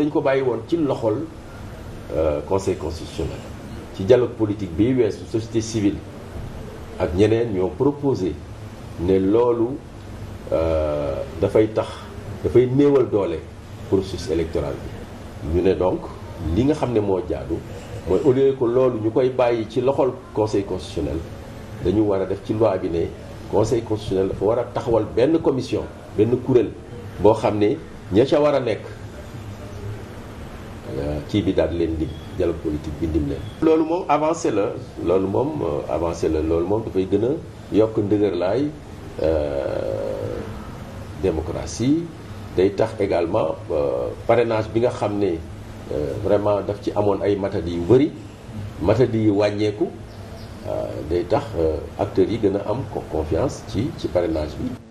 dañ ko bàyyi woon ci loxol euh, conseil constitutionnel ci dialogue politique bi weesu société civile ak ñeneen ñoo proposé ne loolu euh, dafay tax dafay néewal doole processus électoral bi ñu ne donc li nga xam ne moo jaadu mooy au lieu que loolu ñu koy bàyyi ci loxol conseil constitutionnel dañu war a def ci loi bi ne conseil constitutionnel dafa war a taxawal benn commission benn kuréel boo xam ne ña ca war a nekk Euh, kii bi daal leen lim dialogue politique bi lim leen. loolu moom avancé la loolu moom euh, avancé la loolu moom dafay gën a yokk ndëgër laay euh, démocratie day tax également parrainage bi nga xam ne vraiment daf ci amoon ay matadi yu bëri matadi yu wàññeeku day tax acteurs yi gën a am confiance ci ci parrainage bi.